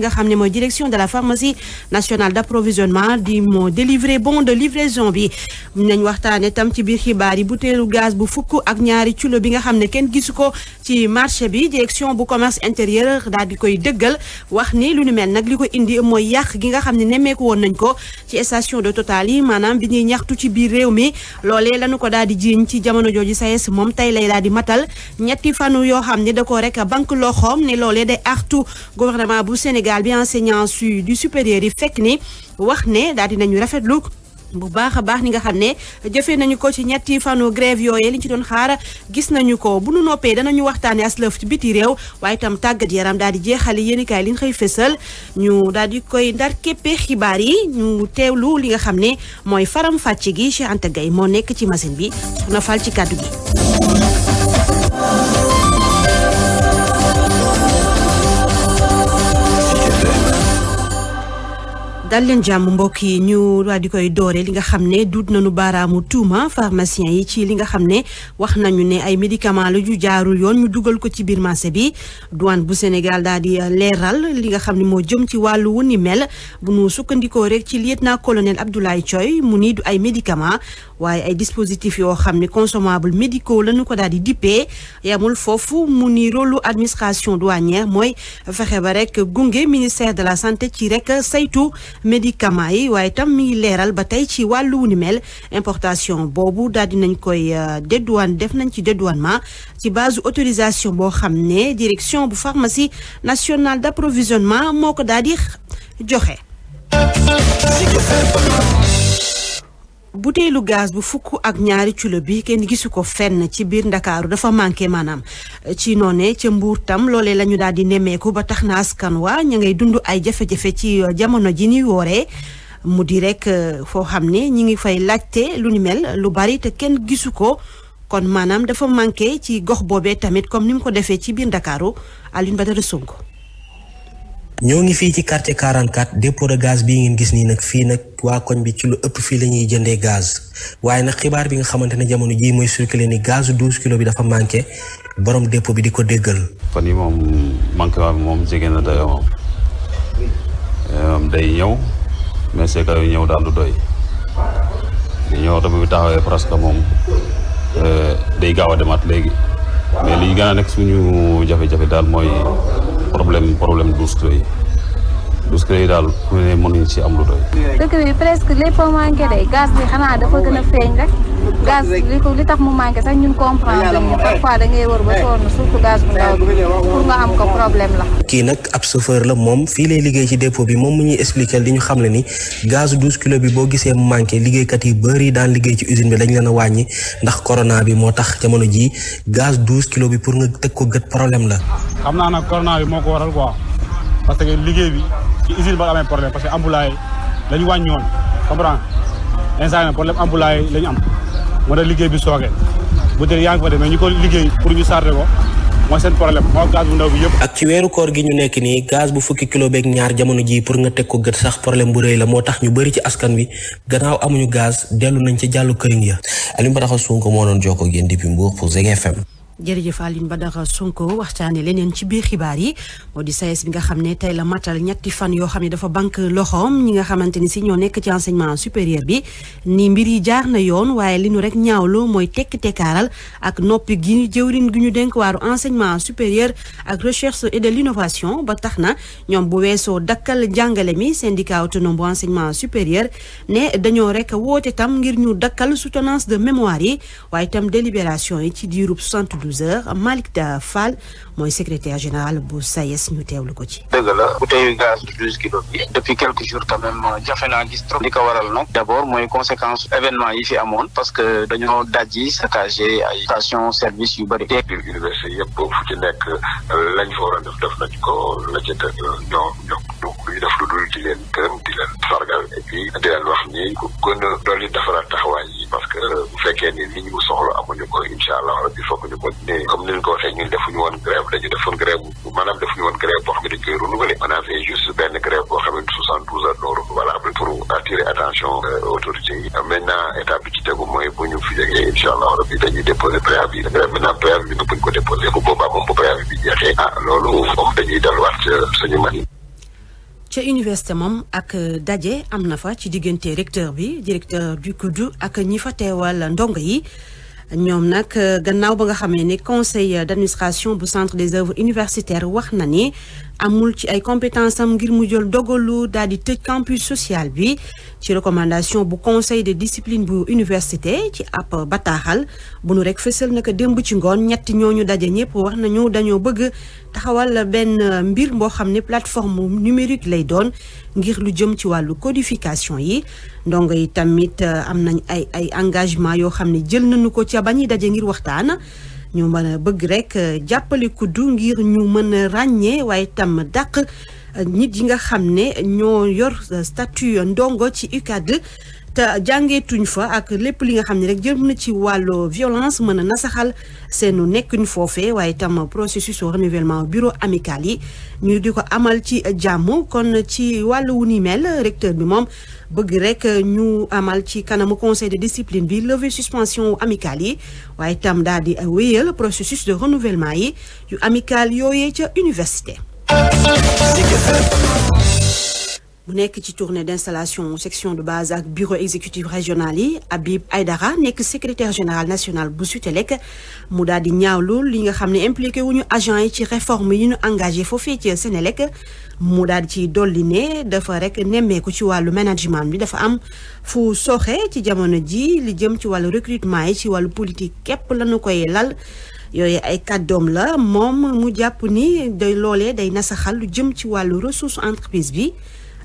nga xam ne mooy direction de la pharmacie nationale d'approvisionnement di moo délivré bon de livraison bi nañ waxtaane tam ci biir xibaar yi butéelu gaz bu fukk ak ñaari kilo bi nga xam ne kenn gisu ko ci marché bi direction bu commerce intérieur daal di koy dëggal wax ni lu nu mel nag li ko indi mooy yàq gi nga xam ne nemmeeku woon nañ ko ci station de Total yi maanaam bi ñuy ñaxtu ci biir réew mi loolee lañu ko daal di jiiñ ci jamono jooju SAES moom tey lay daal di matal ñetti fanu yoo xam ne da ko rek Sénégal bi enseignant su du supérieur yi fekk ni wax ne daal dinañu rafetlu bu baax a baax ni nga xam ne jëfe nañu ko ci ñetti fanu grève yooyee li ñu ci doon xaar gis nañu ko bu nu noppee dana ñu waxtaane aslëf ci biti réew waaye itam tàggat yaram daal di jeexale yéenikaay li ñu xëy fésal ñu daal di koy ndar képpe xibaar yi ñu teewlu li nga xam ne mooy faram fàcce gi Cheikh Anta Gueye moo nekk ci machine bi na fal ci kàddu gi dal leen jàmm mbokk yi ñu daal di koy doore li nga xam ne duut nañu baaraamu tuuma pharmacien yi ci li nga xam ne wax nañu ne ay médicament la ju jaarul yoon ñu dugal ko ci biir marché bi douane bu Sénégal daal di euh, leeral li nga xam ne moo jëm ci wàllu wu ni mel bu nu sukkandikoo rek ci lieutenant colonel Abdoulaye Thioy mu ni du ay médicament waaye ay dispositif yoo xam ne consommables la lañu ko daal di dippee yamul foofu mu ni rôlu administration douanière mooy fexe ba rek gunge ministère de la santé ci rek saytu médicaments yi waaye tam mi ngi leeral ba tey ci wàllu wu ni mel importation boobu daal nañ koy euh, dédouane def nañ ci dédouanement ci base autorisation boo xam ne direction bu pharmacie nationale d'approvisionnement moo ko daal di joxe. buteelu gaz bu fukk ak ñaari kilo bi kenn gisu ko fenn ci biir ndakaaru dafa manqué maanaam ci noone ca mbuur tam loolee la ñu daal di nemmeeku ba tax na askan wa ña ngay dund ay jafe-jafe ci euh, jamono ji ñuy wooree mu di rek euh, foo xam ne ñi ngi fay laajte lu ni mel lu bari te kenn gisu ko kon maanaam dafa manqué ci gox boobee tamit comme ni mu ko defee ci biir ndakaaru Alioune Badara Sonko ñoo ngi fii ci quartier 44 dépôt de gaz bii ngeen gis nii nag fii nag waa koñ bi ci lu ëpp fii la ñuy jëndee gaz waaye nag xibaar bi nga xamante ne jamono jii mooy circulé ni gaz 12 kilo bi dafa manqué borom dépôt bi di ko déggal. fan yi moom manqué waa bi moom jege na dayoo moom moom day ñëw daal du doy di ñëw tamit presque moom eh, day gaaw a demaat léegi mais li gën nekk suñu jafe-jafe daal mooy. problème problème douze creux yi discours yi daal ku ne mënuñu ci am lu doy. dëkk bi presque lépp a manqué de bi xanaa dafa gën a feeñ rek gaz li li tax mu manqué sax ñun comprendre ñu parfois da ngay wër ba sonn surtout gaz bu la. nag ab chauffeur la moom fii lay liggéey ci dépôt bi moom mu ñuy expliquer li ñu xam ne ni gaz douze kilos bi boo gisee mu manqué liggéeykat yi bari daan liggéey ci usine bi dañ leen a wàññi ndax corona bi moo tax jamono jii gaz douze kilo bi pour nga teg ko gët problème la. ci usine ba nga amee problème parce que ambulaay la ñu wàññoon comprendre instant problème ambulaay la am moo tax liggéey bi sooge bu te yaa ngi fa demee ñu ko liggéey pour ñu sarde ko mooy seen problème moo gaz bu ndaw bi yëpp. ak ci weeru koor gi ñu nekk nii gaz bu fukki kilo beeg ñaar jamono ji pour nga teg ko gët sax problème bu rëy la moo tax ñu bëri ci askan wi gannaaw amuñu gaz dellu nañ ci jàllu këriñ ya Aliou Mbaraxa Sonko moo doon jokkoo ak yéen depuis Mbour pour FM. jërëjëf Aline Badara Sonko waxtaane leneen ci biir xibaar yi moo di SAES bi nga xam ne tey la matal ñetti fan yoo xam ne dafa banque loxoom ñi nga xamante ni si ñoo nekk ci enseignement supérieur bi ni mbir yi jaar na yoon waaye li ñu rek ñaawlu mooy tekki tekkaaral ak noppi gi jëwriñ gi ñu dénk waaru enseignement supérieur ak recherche et de l'innovation ba tax na ñoom bu weesoo dakkal jàngale mi syndicat autonome bu enseignement supérieur ne dañoo rek woote tam ngir ñu dakkal soutenance de mémoire yi waaye itam délibération yi ci diirub sant douze heures Malick Da Fall mooy secrétaire général bu SAES e ñu teewlu ko ci. dëgg la bouteille gaz de douze kilos bi depuis quelques jours quand même jafe naa gis li ko waral nag d' abord mooy conséquence événement yi fi amoon parce que dañoo dajji saccagé ay station service yu bëri. biir université yëpp fu ci nekk lañ fa war a def def nañ ko la ca ñoo ñoo ñu def lu dul di leen gërëm di leen sargal et puis di leen wax ni ku gën a dolli defaraat taxawaay fekkee ni li ñu soxla amuñu ko incha allah rabbi foog ñu ñu ko waxee ñun defuñu woon grève dañu defoon grève maanaam defuñu woon grève boo xam ne dañ koy renouveler benn grève boo soixante douze heures non renouvelable pour attirer attention euh, autorités yi maintenant état bi ci tegu mooy bu ñu fi jegee incha allah rabbi dañuy déposer préavis grève maintenant préavis bi nag buñ ko déposer bu boobaa moom bu préavis bi jeexee ah loolu moom dañuy delluwaat euh, suñu man ca université moom ak euh, daje am na fa ci diggante recteur bi directeur du COUD ak ñi fa teewal ndongo yi ñoom nag euh, gannaaw ba nga xam ne ni conseil euh, d'administration bu centre des œuvres universitaires wax na ni amul ci ay compétence am ngir mu jël dogalu daal di tëj campus social bi ci recommandation bu conseil de discipline bu université ci ab bataaxal bu nu rek fësal naka démb ci ngoon ñetti ñooñu daje ñëpp wax nañu dañoo bëgg taxawal benn mbir mboo xam ne plateforme numérique lay doon ngir lu jëm ci wàllu codification yi ndongo yi tamit euh, am nañ ay ay engagement yoo xam ne jël nañu ko ca ñuy dajee ngir waxtaan ñu mën a bëgg rek euh, jàppale kuddu ngir ñu mën a ràññee waaye tam daq euh, nit yi nga xam ne ñoo yor statut ndongo ci UCAD te jàngeetuñ fa ak lépp li nga xam ne rek jëm na ci wàllu violence mën a nasaxal seenu nekkin foofe waaye itam processus au renouvellement bureau amical yi ñu di ko amal ci jàmm kon ci wàll wu ni mel recteur bi moom bëgg rek ñu amal ci kanamu conseil de discipline bi lever suspension amical yi waaye itam daal di wéyal processus de renouvellement yi yu amical yooyee ca université bu nekk ci tournée d'installation section de base ak bureau exécutif régional yi Habib Aydara nekk secrétaire général national bu Sutelec mu daal di ñaawlu li nga xam ne impliqué wu ñu agent yi ci réforme yi ñu engagé foofee ci Senelec mu daal di ci dolli ne dafa rek nemmeeku ci wàllu management bi dafa am fu sooxe ci jamono ji li jëm ci wàllu recrutement yi ci wàllu politique képp lañu koy lal yooyu ay kàddoom la moom mu jàpp ni day loole day nasaxal lu jëm ci wàllu ressource entreprise bi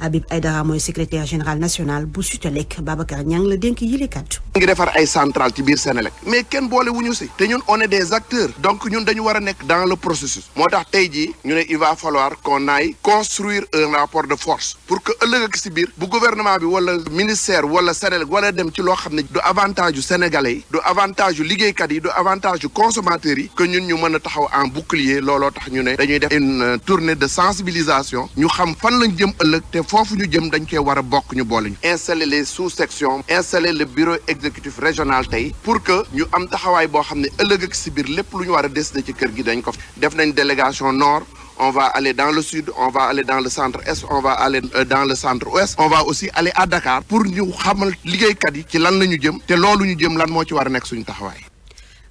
Habib Aïdara mooy secrétaire général national bu Sutelec Babacar Niang la dénk yile kàddu ngi defar ay centrale ci biir Sénélec mais kenn boole wu ñu si te ñun on est des acteurs donc ñun dañu war nekk dans le processus moo tax tey ji ñu ne il va falloir qu'on aille construire un rapport de force pour que ëllëg ak si biir bu gouvernement bi wala ministère wala Sénélec wala dem ci loo xam ne du avantage yu yi du avantage yu liggéeykat yi du avantage yu consommateurs yi que ñun ñu mën a taxaw en bouclier looloo tax ñu ne dañuy def une tournée de sensibilisation ñu xam fan lañ jëm ëllëg foofu ñu jëm dañ koy war a bokk ñu boole installé les sous-sections installer le bureau exécutif régional tey pour que ñu am taxawaay boo xam ne ëllëg ak si biir lépp lu ñu war a décider ci kër gi dañ ko def nañ délégation nord on va aller dans le sud on va aller dans le centre est on va aller euh, dans le centre ouest on va aussi aller à pour ñu xamal liggéeykat yi ci lan la ñu jëm te loolu ñu jëm lan moo ci war nekk suñu taxawaay.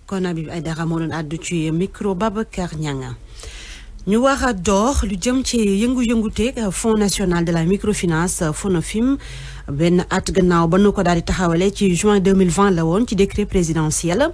kon Habib Aïdara moo doon àddu ci micro ñu wax a door lu jëm ci yëngu-yëngute Fonds national de la microfinance FONAFIM benn at gannaaw ba nu ko daal di taxawale ci juin 2020 la woon ci décret présidentiel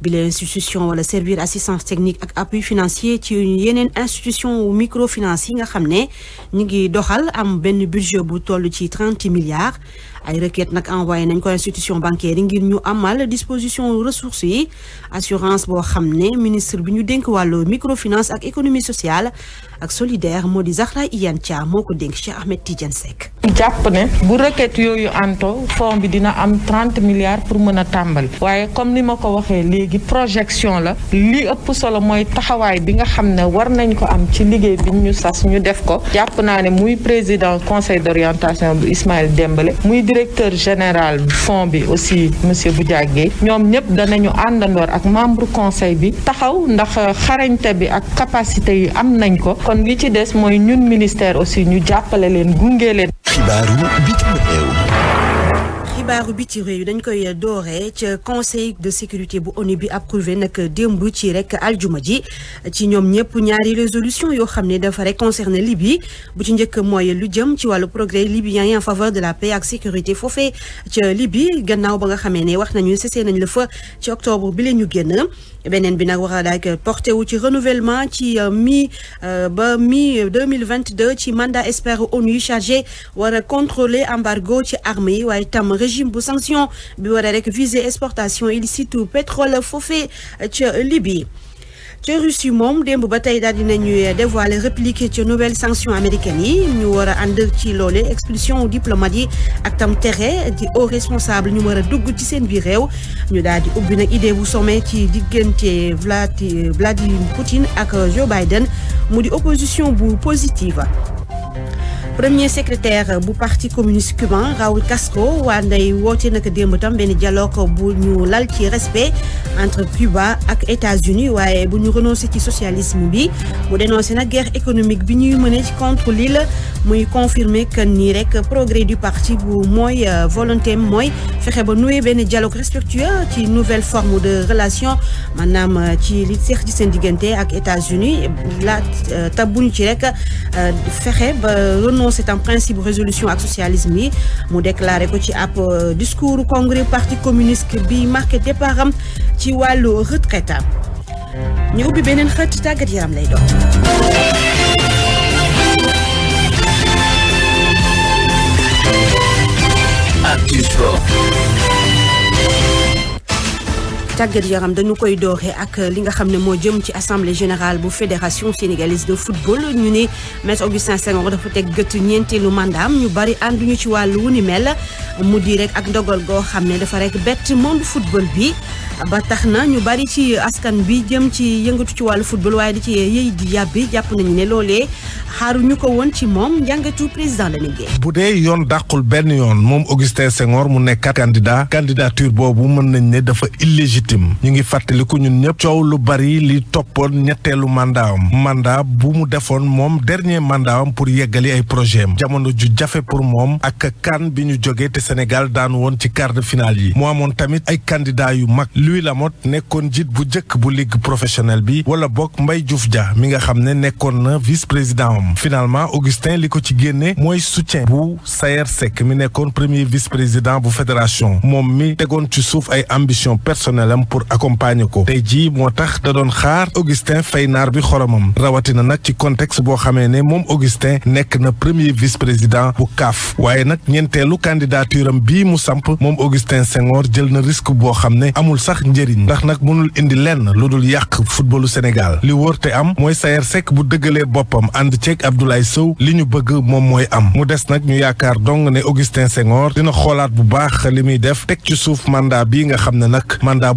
bi la institution wala servir assistance technique ak appui financier ci yeneen institution microfinance yi nga xam ne ñu ngi doxal am benn budget bu toll ci trente milliards ay requête nag envoyé nañ ko institution bancaire yi ngir ñu amal disposition ressources yi assurance boo xam ne ministre bi ñu dénk wàllu microfinance ak économie sociale ak solidaire moo di Zahra Iyane Dia moo ko dénk Cheikh Ahmed Tidiane Seck. jàpp ne bu requête yooyu anto fond bi dina am trente milliards pour mën a tàmbali waaye comme ni ma ko waxee léegi projection la li ëpp solo mooy taxawaay bi nga xam ne war nañ ko am ci liggéey bi ñu sas ñu def ko jàpp naa ne muy président conseil d'orientation bu Ismaël Dembélé directeur général fond bi aussi monsieur bu jàggee ñoom ñëpp danañu àndandoor ak membre conseil bi taxaw ndax euh, xarañte bi ak capacité yi am nañ ko kon li ci des mooy ñun ministère aussi ñu jàppale leen gunge leen xibaaru bitim réew xibaaru bi yi dañ koy dooree ca conseil de sécurité bu ONU bi approuvé nag démb ci rek aljuma ji ci ñoom ñëpp ñaari résolution yoo xam ne dafa rek concerné Libye bu ci njëkk mooy lu jëm ci wàllu progrès libyen yi en faveur de la paix ak sécurité foofee ca Libye gannaaw ba nga xamee ne wax nañu cessé nañ la fa ci octobre bi la ñu génn beneen bi nag war a daak porté wu ci renouvellement ci euh, mi euh, ba mi 2022 ci mandat expert ONU chargé war a contrôler embargo ci armes régime bu sanction bi war a rek viser exportation illicite pétrole foofee ca Libye ca Russie moom démb ba tey daal dinañuy dévoiler réplique ca nouvelle sanction américaine yi ñu war a ànd ci loole expulsion diplomate yi ak tam tere di haut responsable ñu war a dugg ci seen biir réew ñu daal di ubbi nag idée bu sommet ci diggante Vladimir Poutine ak Joe Biden mu di opposition bu positive premier secrétaire bu parti communiste cubain Raúl Castro waa nday woote naka démb tam benn dialogue bu ñu lal ci respect entre Cuba ak États-Unis waaye bu ñu renoncé ci socialisme bi mu dénoncé nag guerre économique bi ñuy mëne ci contre l'île muy confirmer que nii rek progrès du parti bu mooy euh, volonté mooy fexe ba nouer benn dialogue respectueux ci nouvelle forme de relation maanaam euh, ci li seex ci seen diggante ak États-Unis la euh, tabuñu ci rek fexe c'est un principe résolution ak socialisme yi mu déclaré ko ci ab euh, discours congrès parti communiste bi marqué départ am ci wàllu retraite ñu ubbi beneen xët tàggat yaram lay doon. Actu tàggat yaram dañu koy doore ak li nga xam ne moo jëm ci assemblée générale bu fédération sénégalaise de football ñu ne maître Augustin Senghor dafa teg gëtt ñeenteelu mandaam ñu bari ànduñu ci wàllu wu ni mel mu di rek ak ndogal goo xam ne dafa rek bett monde football bi ba tax na ñu bari ci askan bi jëm ci yëngatu ci wàll football waaye di ci yëy di yàbbi jàpp nañu ne loolee xaaruñu ko woon ci moom njàngatu président la liggéey. bu dee yoon dàqul benn yoon moom Augustin Senghor mu nekk candidat candidature boobu mën nañ ne dafa illégitime victime ñu ngi fàttaliku ñu ñëpp coow lu bari li toppoon ñetteelu mandaawam mandat bu mu defoon moom dernier mandaawam pour yeggali ay projet am jamono ju jafe pour moom ak kan bi ñu jógee te Sénégal daan woon ci quart de yi mu amoon tamit ay candidat yu mag Louis Lamotte nekkoon jiit bu njëkk bu ligue professionnelle bi wala bokk mbay Diouf ja mi nga xam ne nekkoon na vice président am finalement Augustin li ko ci génne mooy soutien bu Sayer Seck mi nekkoon premier vice président bu fédération moom personnel pour accompagner ko tey jii moo tax da doon xaar Augustin fay naar bi xoromam rawatina nag ci contexte boo xamee ne moom Augustin nekk na premier vice président bu CAF waaye nag ñeenteelu candidature am bii mu samp moom Augustin Senghor jël na risque boo xam ne amul sax njëriñ ndax nag mënul indi lenn lu dul yàq footballu Sénégal li wóor te am mooy Sayer Seck bu dëggalee boppam ànd ceeg Abdoulaye Sow li ñu bëgg moom mooy am mu des nag ñu yaakaar dong ne Augustin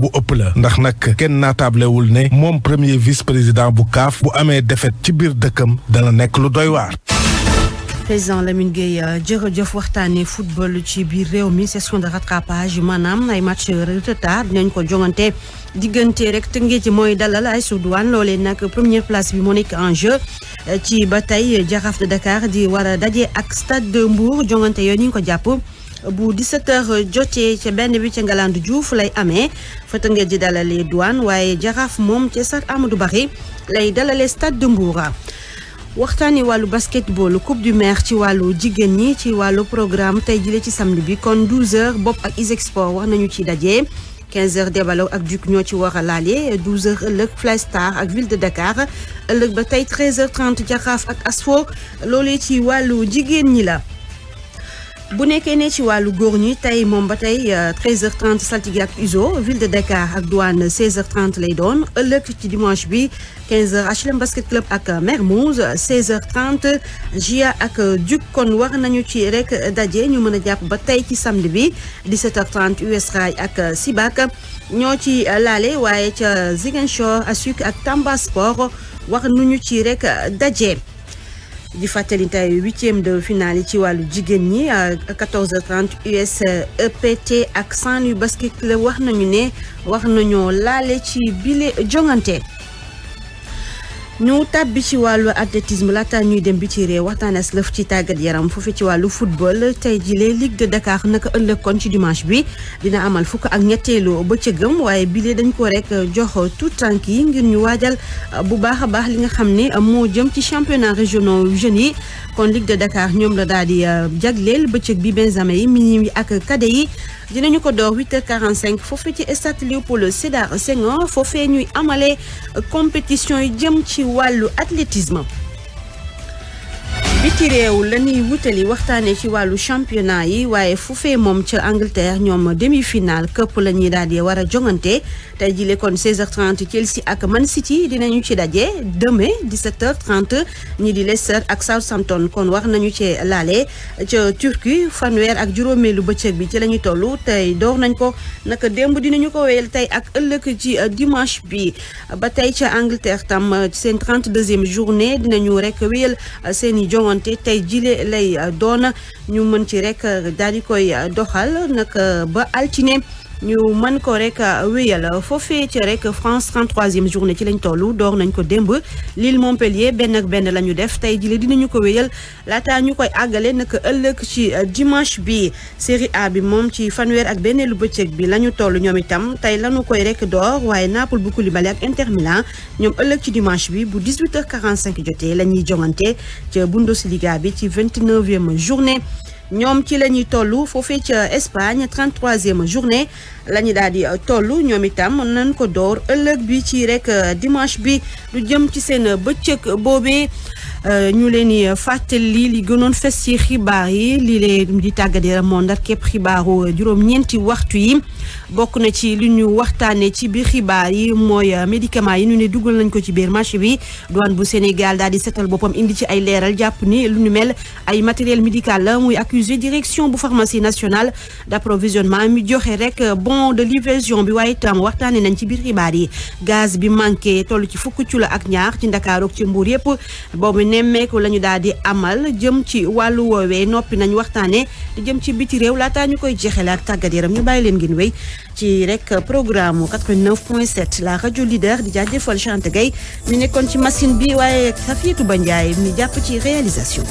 bu ëpp la ndax nag kenn naataablewul ne moom premier vice président bu kaaf bu amee defet ci biir dëkkam dana nekk lu doy waar. président Lamine Gueye euh, jërëjëf waxtaanee football ci biir réew mi session de rattrapage maanaam ay match retard nañ ko jongante diggante rek tënkee ci mooy dalal ay Douanes loolee nag première place bi moo nekk en jeu. Euh, ci ba tey Jaraaf de Dakar di war a ak Stade de Mbour jongante yooyu ñu ko jàpp. bu 17h jotee ca benn bi ca Ngalandu Diouf lay amee fa Tëngéej ji dalalee douane waaye jaraaf moom ca Stade du Barry lay dalalee Stade de Mbour. waxtaani wàllu basketball coupe du maire ci wàllu jigéen ñi ci wàllu programme tey jile ci samedi bi kon 12h bopp ak ISEG sport wax nañu ci daje 15h ak Duc ñoo ci war a laale 12h ëllëg Fly Star ak ville de Dakar ëllëg ba tey 13h30 Jaraaf ak Asfo loolee ci wàllu jigéen ñi la. bu nekkee ne ci wàllu góor ñi tey moom ba tey 13h30 euh, saltige ak uso ville de Dakar ak douane 16 h lay doon ëllëg ci dimanche bi 15h HLM basket club ak Mermoz 16h30 Gia ak Duc kon war nañu ci rek daje ñu mën a jàpp ba tey ci samedi bi 17h30 US Rail ak Sibac ñoo ci laale waaye ca Ziguinchor Asuk ak Tamba Sport wax nañu ci rek daje. di fàttali tey huitième de finale ci wàllu jigéen ñi 14h30 US EPT ak Saint-Louis basket la wax nañu ne wax nañoo laale ci bile jongante. ñu tàbbi ci wàllu athlétisme laata ñuy dem bi ci réew waxtaanes lëf ci tàggat yaram foofu ci wàllu football tey jilee Ligue de Dakar naka ëllëg kon ci dimanche bi dina amal fukk ak ñetteelu bëccëgam waaye bile dañ ko rek jox tout tànk yi ngir ñu waajal euh, bu baax a baax li nga xam ne euh, moo jëm ci championnat régionaux jeunes yi kon Ligue de Dakar ñoom la daal di euh, jagleel bëccëg bi benjamin yi minim yi ak kade yi dinañu ko door 8h45 foofu ci stade Léopold Sédar Senghor foofee ñuy amale compétition yi jëm ci wàllu athlétisme ci réew la ñuy wutali waxtaanee ci wàllu championnat yi waaye fu fee moom ca Angleterre ñoom demi-finale këpp la ñuy daal di war a jongante tey jile kon 16h30 Chelsea ak Man ci dinañu ci daje demain 17h30 ñi di Leicester ak Southampton kon wax nañu cee laale ca Turquie fanweer ak juróomeelu bëccëg bi ci la ñuy toll tey door nañ ko naka démb dinañu ko wéyal tey ak ëllëg ci dimanche bi ba tey ca Angleterre tam seen 32e journée dinañu rek wéyal seen i jongante xamante tey jile lay uh, doon ñu mën ci rek uh, daal di koy uh, doxal nag ba altine ñu man ko rek euh, wéyal foofee ci rek France 33e journée ci lañ tollu door nañ ko démb Lille Montpellier benn ak benn la ñu def tey jii dinañu ko wéyal laata ñu koy àggale naka ëllëg ci euh, dimanche bi série A bi moom ci fanweer ak benn lu bëccëg bi la ñu toll ñoom itam tey lañu koy rekk door waaye Naples bu Koulibaly ak Inter ñoom ëllëg ci dimanche bi bu 18h45 jotee la ñuy jongante ca Bundesliga bi ci 29e journée. ñoom ci la ñuy toll foofee ca Espagne 33e journée la ñu daal di euh, toll ñoom itam nañ ko door ëllëg bi ci rek euh, dimanche bi lu jëm ci seen euh, bëccëg boobee. Euh, ñu leen di euh, fàttali li gënoon fes ci xibaar yi lii leen di tàggat yaram moo ndar képp xibaaru euh, juróom-ñeenti waxtu yi bokk na ci li ñu waxtaanee ci biir xibaar yi mooy médicament yi ñu ne dugal nañ ko ci biir marché bi douane bu Sénégal daal di setal boppam indi ci ay leeral jàpp ni lu ñu mel ay matériel médical la muy accusé direction bu pharmacie nationale d'approvisionnement mi joxe rek bon de livraison bi waaye itam waxtaanee nañ ci biir xibaar yi gaz bi manqué toll ci fukk ci ak ñaar ci Ndakaaru ci Mbuur yëpp nemmeeku la ñu daal di amal jëm ci wàllu woowee noppi nañu waxtaanee jëm ci biti réew laataa ñu koy jeexale ak tàggat yaram ñu bàyyi leen ngeen wéy ci rek programme 89.7 la rajo leader di jaajëfal Chante Gueye mi nekkoon ci machine bi waaye Safiatou Ba Ndiaye mi jàpp ci réalisation.